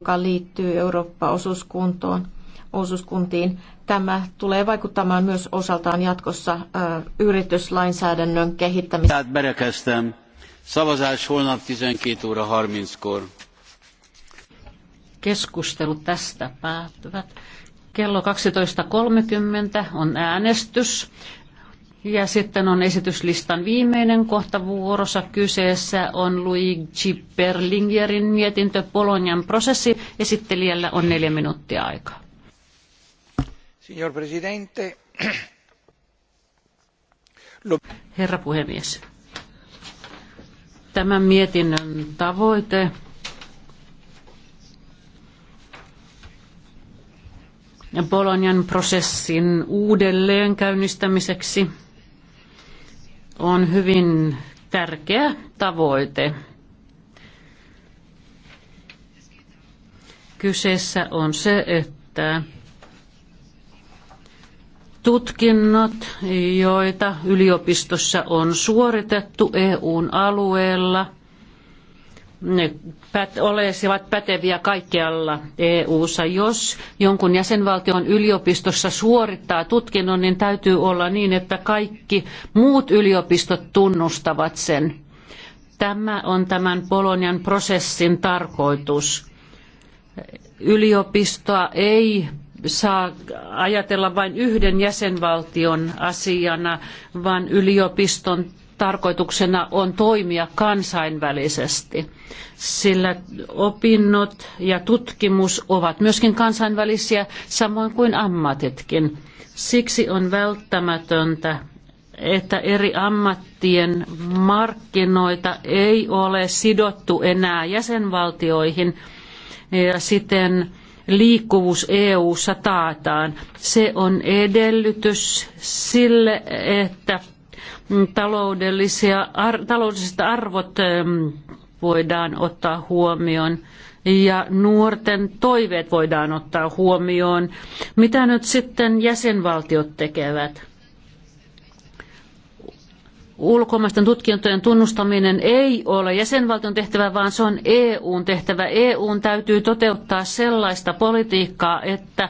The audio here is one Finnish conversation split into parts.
joka liittyy Eurooppa-osuuskuntoon, osuuskuntiin. Tämä tulee vaikuttamaan myös osaltaan jatkossa äh, yrityslainsäädännön kehittämiseen. Tehát berekeztem. Szavazás holnap 12 óra Keskustelut tästä päättyvät. Kello 12.30 on äänestys. Ja sitten on esityslistan viimeinen kohta vuorossa. Kyseessä on Luigi Berlingerin mietintö Polonian prosessi. Esittelijällä on neljä minuuttia aikaa. Signor Presidente. Herra puhemies. Tämän mietinnön tavoite Bolognan prosessin uudelleenkäynnistämiseksi – on hyvin tärkeä tavoite. Kyseessä on se, että tutkinnot, joita yliopistossa on suoritettu EUn alueella – ne pät, olisivat päteviä kaikkialla EU-ssa. Jos jonkun jäsenvaltion yliopistossa suorittaa tutkinnon, niin täytyy olla niin, että kaikki muut yliopistot tunnustavat sen. Tämä on tämän Polonian prosessin tarkoitus. Yliopistoa ei saa ajatella vain yhden jäsenvaltion asiana, vaan yliopiston tarkoituksena on toimia kansainvälisesti, sillä opinnot ja tutkimus ovat myöskin kansainvälisiä, samoin kuin ammatitkin. Siksi on välttämätöntä, että eri ammattien markkinoita ei ole sidottu enää jäsenvaltioihin ja siten liikkuvuus EU-ssa taataan. Se on edellytys sille, että taloudellisia, ar, taloudelliset arvot voidaan ottaa huomioon ja nuorten toiveet voidaan ottaa huomioon. Mitä nyt sitten jäsenvaltiot tekevät? ulkomaisten tutkintojen tunnustaminen ei ole jäsenvaltion tehtävä, vaan se on EUn tehtävä. EUn täytyy toteuttaa sellaista politiikkaa, että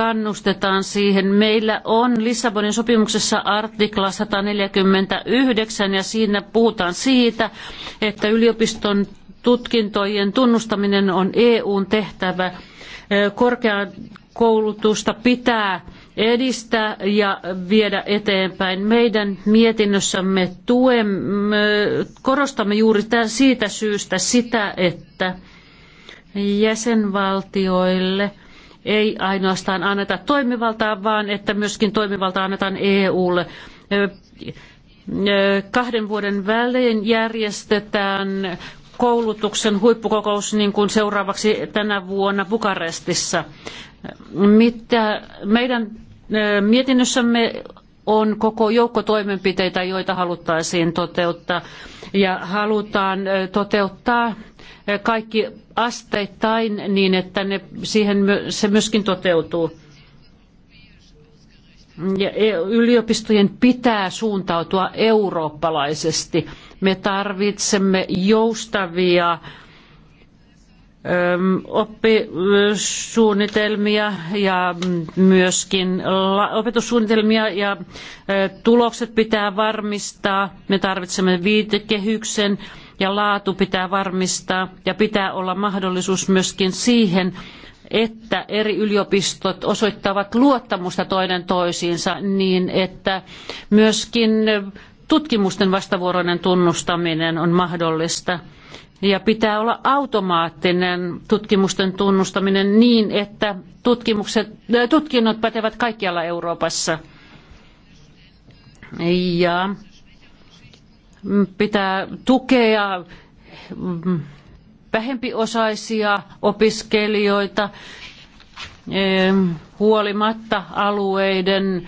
kannustetaan siihen. Meillä on Lissabonin sopimuksessa artikla 149 ja siinä puhutaan siitä, että yliopiston tutkintojen tunnustaminen on EUn tehtävä. Korkeakoulutusta pitää edistää ja viedä eteenpäin. Meidän mietinnössämme tuemme, korostamme juuri siitä syystä sitä, että jäsenvaltioille – ei ainoastaan anneta toimivaltaa, vaan että myöskin toimivalta annetaan EUlle. Kahden vuoden välein järjestetään koulutuksen huippukokous niin kuin seuraavaksi tänä vuonna Bukarestissa. Mitä meidän mietinnössämme on koko joukko toimenpiteitä, joita haluttaisiin toteuttaa. Ja halutaan toteuttaa kaikki asteittain niin, että ne, siihen se myöskin toteutuu. Ja e, yliopistojen pitää suuntautua eurooppalaisesti. Me tarvitsemme joustavia oppisuunnitelmia ja myöskin opetussuunnitelmia ja tulokset pitää varmistaa. Me tarvitsemme viitekehyksen ja laatu pitää varmistaa ja pitää olla mahdollisuus myöskin siihen, että eri yliopistot osoittavat luottamusta toinen toisiinsa niin, että myöskin tutkimusten vastavuoroinen tunnustaminen on mahdollista ja pitää olla automaattinen tutkimusten tunnustaminen niin, että tutkimukset, äh, tutkinnot pätevät kaikkialla Euroopassa. Ja pitää tukea mm, vähempiosaisia opiskelijoita huolimatta alueiden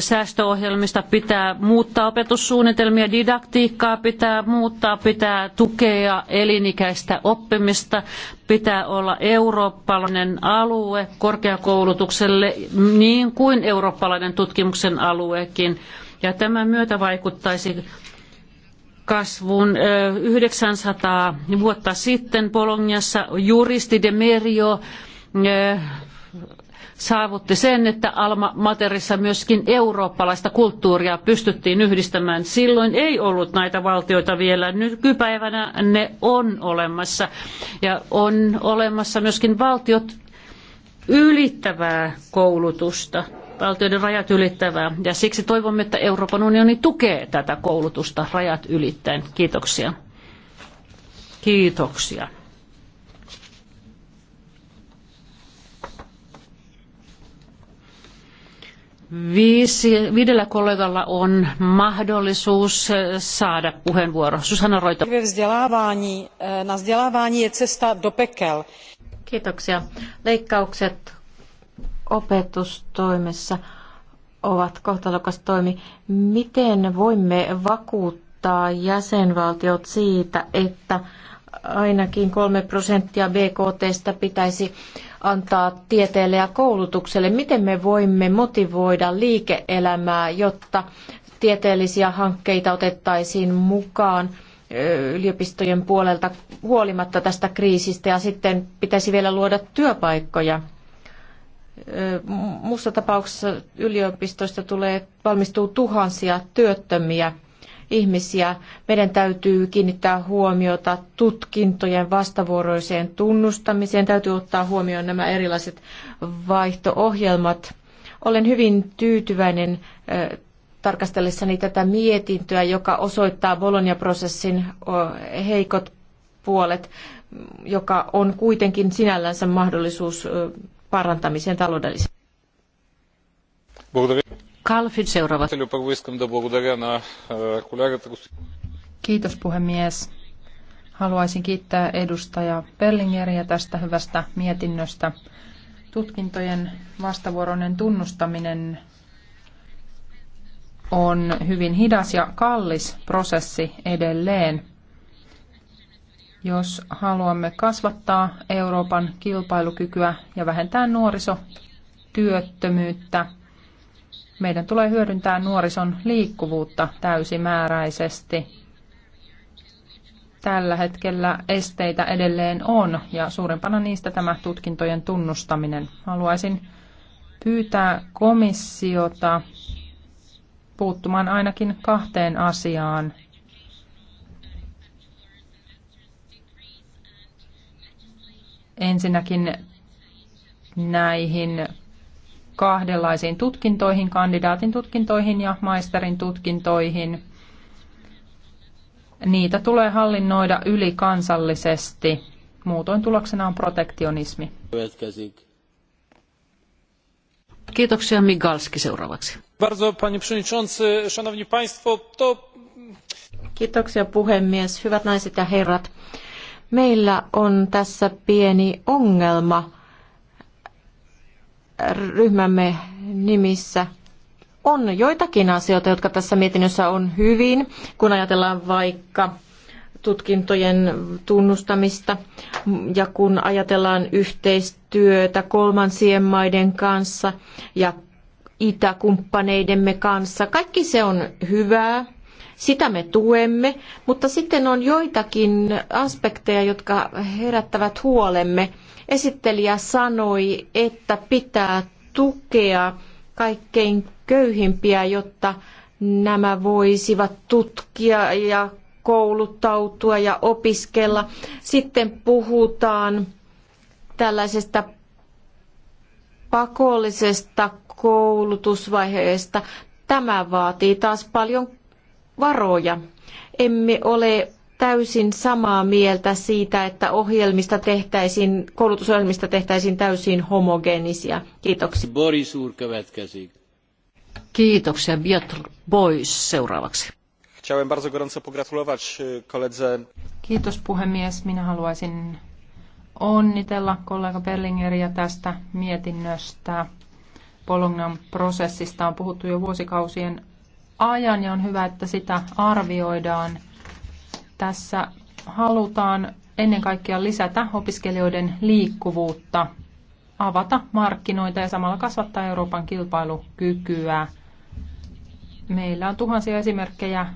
säästöohjelmista pitää muuttaa opetussuunnitelmia, didaktiikkaa pitää muuttaa, pitää tukea elinikäistä oppimista, pitää olla eurooppalainen alue korkeakoulutukselle niin kuin eurooppalainen tutkimuksen aluekin. Ja tämän myötä vaikuttaisi kasvuun. 900 vuotta sitten Boloniassa juristi de Merio saavutti sen, että Alma Materissa myöskin eurooppalaista kulttuuria pystyttiin yhdistämään. Silloin ei ollut näitä valtioita vielä. Nykypäivänä ne on olemassa. Ja on olemassa myöskin valtiot ylittävää koulutusta valtioiden rajat ylittävää. Ja siksi toivomme, että Euroopan unioni tukee tätä koulutusta rajat ylittäen. Kiitoksia. Kiitoksia. Viisi, viidellä kollegalla on mahdollisuus eh, saada puheenvuoro. Susanna Roito. Eh, na vzdělávání je cesta do pekel. Kiitoksia. Leikkaukset opetustoimessa ovat kohtalokas toimi. Miten voimme vakuuttaa jäsenvaltiot siitä, että ainakin kolme prosenttia BKTstä pitäisi antaa tieteelle ja koulutukselle. Miten me voimme motivoida liike-elämää, jotta tieteellisiä hankkeita otettaisiin mukaan yliopistojen puolelta huolimatta tästä kriisistä ja sitten pitäisi vielä luoda työpaikkoja. Muussa tapauksessa yliopistoista tulee, valmistuu tuhansia työttömiä ihmisiä. Meidän täytyy kiinnittää huomiota tutkintojen vastavuoroiseen tunnustamiseen. Täytyy ottaa huomioon nämä erilaiset vaihtoohjelmat. Olen hyvin tyytyväinen tarkastellessani tätä mietintöä, joka osoittaa Bologna-prosessin heikot puolet, joka on kuitenkin sinällänsä mahdollisuus parantamiseen taloudellisesti. Kalfin Kiitos puhemies. Haluaisin kiittää edustaja Pellingeriä tästä hyvästä mietinnöstä. Tutkintojen vastavuoroinen tunnustaminen on hyvin hidas ja kallis prosessi edelleen. Jos haluamme kasvattaa Euroopan kilpailukykyä ja vähentää nuorisotyöttömyyttä, meidän tulee hyödyntää nuorison liikkuvuutta täysimääräisesti. Tällä hetkellä esteitä edelleen on ja suurempana niistä tämä tutkintojen tunnustaminen. Haluaisin pyytää komissiota puuttumaan ainakin kahteen asiaan. Ensinnäkin näihin kahdenlaisiin tutkintoihin, kandidaatin tutkintoihin ja maisterin tutkintoihin. Niitä tulee hallinnoida ylikansallisesti. Muutoin tuloksena on protektionismi. Kiitoksia Migalski seuraavaksi. Kiitoksia puhemies, hyvät naiset ja herrat. Meillä on tässä pieni ongelma ryhmämme nimissä on joitakin asioita, jotka tässä mietinnössä on hyvin, kun ajatellaan vaikka tutkintojen tunnustamista ja kun ajatellaan yhteistyötä kolmansien maiden kanssa ja itäkumppaneidemme kanssa. Kaikki se on hyvää, sitä me tuemme, mutta sitten on joitakin aspekteja, jotka herättävät huolemme. Esittelijä sanoi, että pitää tukea kaikkein köyhimpiä, jotta nämä voisivat tutkia ja kouluttautua ja opiskella. Sitten puhutaan tällaisesta pakollisesta koulutusvaiheesta. Tämä vaatii taas paljon varoja. Emme ole täysin samaa mieltä siitä, että ohjelmista tehtäisiin, koulutusohjelmista tehtäisiin täysin homogeenisia. Kiitoksia. Boris Urkavätkäsi. Kiitoksia. Piotr Bois seuraavaksi. Chciałem bardzo gorąco pogratulować koledze. Kiitos puhemies. Minä haluaisin onnitella kollega Berlingeriä tästä mietinnöstä. Bolognan prosessista on puhuttu jo vuosikausien ajan ja on hyvä, että sitä arvioidaan – tässä halutaan ennen kaikkea lisätä opiskelijoiden liikkuvuutta, avata markkinoita ja samalla kasvattaa Euroopan kilpailukykyä. Meillä on tuhansia esimerkkejä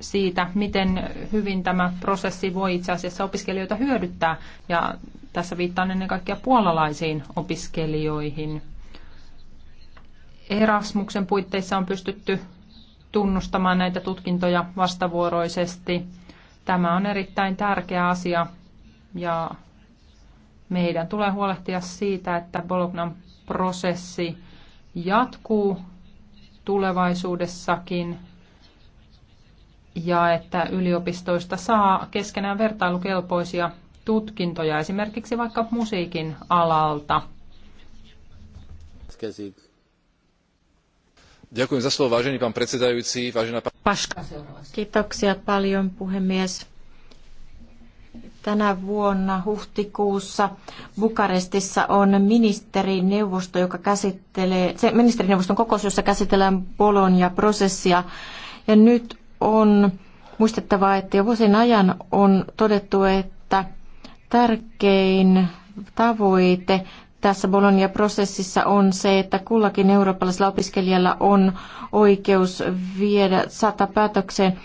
siitä, miten hyvin tämä prosessi voi itse asiassa opiskelijoita hyödyttää. Ja tässä viittaan ennen kaikkea puolalaisiin opiskelijoihin. Erasmuksen puitteissa on pystytty tunnustamaan näitä tutkintoja vastavuoroisesti. Tämä on erittäin tärkeä asia ja meidän tulee huolehtia siitä, että Bolognan prosessi jatkuu tulevaisuudessakin ja että yliopistoista saa keskenään vertailukelpoisia tutkintoja esimerkiksi vaikka musiikin alalta. Käsit Kiitoksia paljon puhemies. Tänä vuonna huhtikuussa Bukarestissa on ministerineuvosto, joka käsittelee, se ministerineuvoston kokous, jossa käsitellään Bologna-prosessia. Ja nyt on muistettava, että jo vuosien ajan on todettu, että tärkein tavoite tässä Bologna-prosessissa on se, että kullakin eurooppalaisella opiskelijalla on oikeus viedä, saattaa päätökseen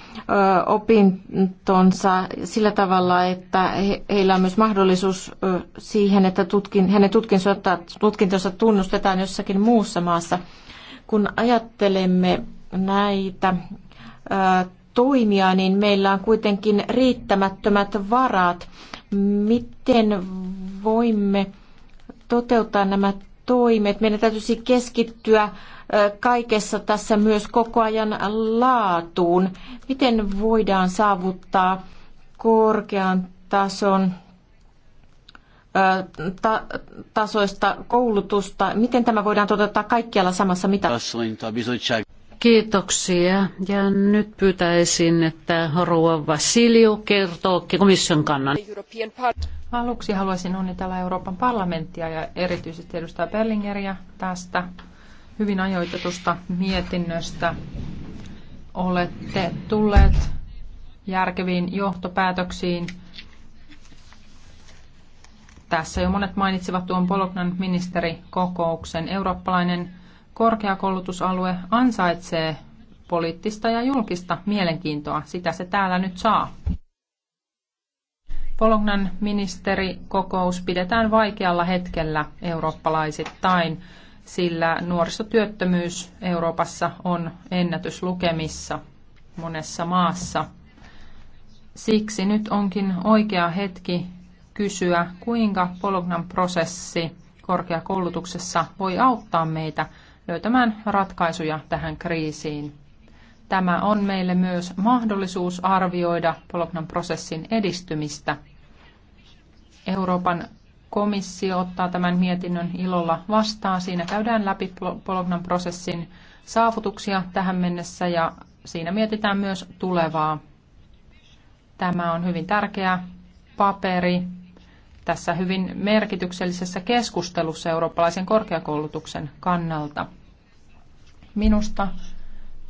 opintonsa sillä tavalla, että he, heillä on myös mahdollisuus ö, siihen, että tutkin, hänen tutkintonsa, tutkintonsa tunnustetaan jossakin muussa maassa. Kun ajattelemme näitä ö, toimia, niin meillä on kuitenkin riittämättömät varat. Miten voimme toteuttaa nämä toimet. Meidän täytyisi keskittyä kaikessa tässä myös koko ajan laatuun. Miten voidaan saavuttaa korkean tason ta- tasoista koulutusta? Miten tämä voidaan toteuttaa kaikkialla samassa mitassa? Kiitoksia. Ja nyt pyytäisin, että Rouva Vasilio kertoo komission kannan. Aluksi haluaisin onnitella Euroopan parlamenttia ja erityisesti edustaja Berlingeriä tästä hyvin ajoitetusta mietinnöstä. Olette tulleet järkeviin johtopäätöksiin. Tässä jo monet mainitsivat tuon Bolognan ministerikokouksen. Eurooppalainen korkeakoulutusalue ansaitsee poliittista ja julkista mielenkiintoa. Sitä se täällä nyt saa. Bolognan ministerikokous pidetään vaikealla hetkellä eurooppalaisittain, sillä nuorisotyöttömyys Euroopassa on ennätyslukemissa monessa maassa. Siksi nyt onkin oikea hetki kysyä, kuinka Bolognan prosessi korkeakoulutuksessa voi auttaa meitä löytämään ratkaisuja tähän kriisiin. Tämä on meille myös mahdollisuus arvioida Bolognan prosessin edistymistä. Euroopan komissio ottaa tämän mietinnön ilolla vastaan. Siinä käydään läpi Bolognan prosessin saavutuksia tähän mennessä ja siinä mietitään myös tulevaa. Tämä on hyvin tärkeä paperi tässä hyvin merkityksellisessä keskustelussa eurooppalaisen korkeakoulutuksen kannalta. Minusta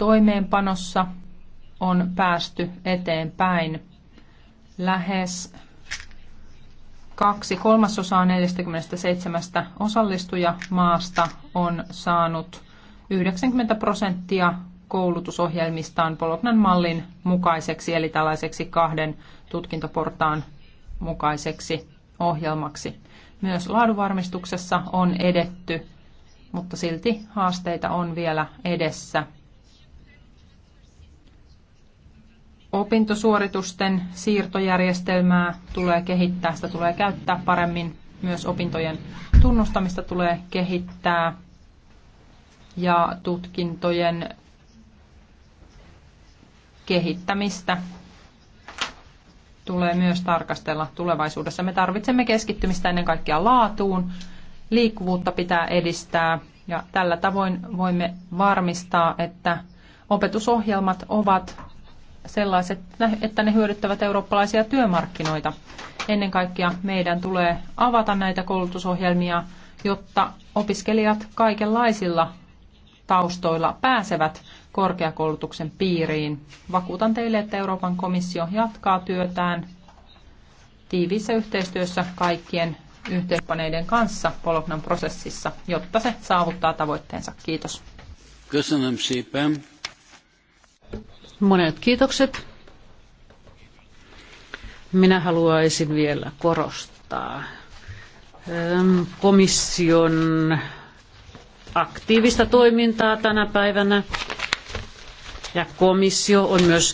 toimeenpanossa on päästy eteenpäin lähes kaksi kolmasosaa 47 osallistujamaasta on saanut 90 prosenttia koulutusohjelmistaan Polognan mallin mukaiseksi, eli tällaiseksi kahden tutkintoportaan mukaiseksi ohjelmaksi. Myös laadunvarmistuksessa on edetty, mutta silti haasteita on vielä edessä. opintosuoritusten siirtojärjestelmää tulee kehittää, sitä tulee käyttää paremmin. Myös opintojen tunnustamista tulee kehittää ja tutkintojen kehittämistä tulee myös tarkastella tulevaisuudessa. Me tarvitsemme keskittymistä ennen kaikkea laatuun, liikkuvuutta pitää edistää ja tällä tavoin voimme varmistaa, että opetusohjelmat ovat sellaiset, että ne hyödyttävät eurooppalaisia työmarkkinoita. Ennen kaikkea meidän tulee avata näitä koulutusohjelmia, jotta opiskelijat kaikenlaisilla taustoilla pääsevät korkeakoulutuksen piiriin. Vakuutan teille, että Euroopan komissio jatkaa työtään tiiviissä yhteistyössä kaikkien yhteispaneiden kanssa Polognan prosessissa, jotta se saavuttaa tavoitteensa. Kiitos. Köszönöm szépen. Monet kiitokset. Minä haluaisin vielä korostaa ähm, komission aktiivista toimintaa tänä päivänä. Ja komissio on myös